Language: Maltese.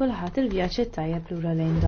kulħadd il-vjaġġ tajjeb lura lejn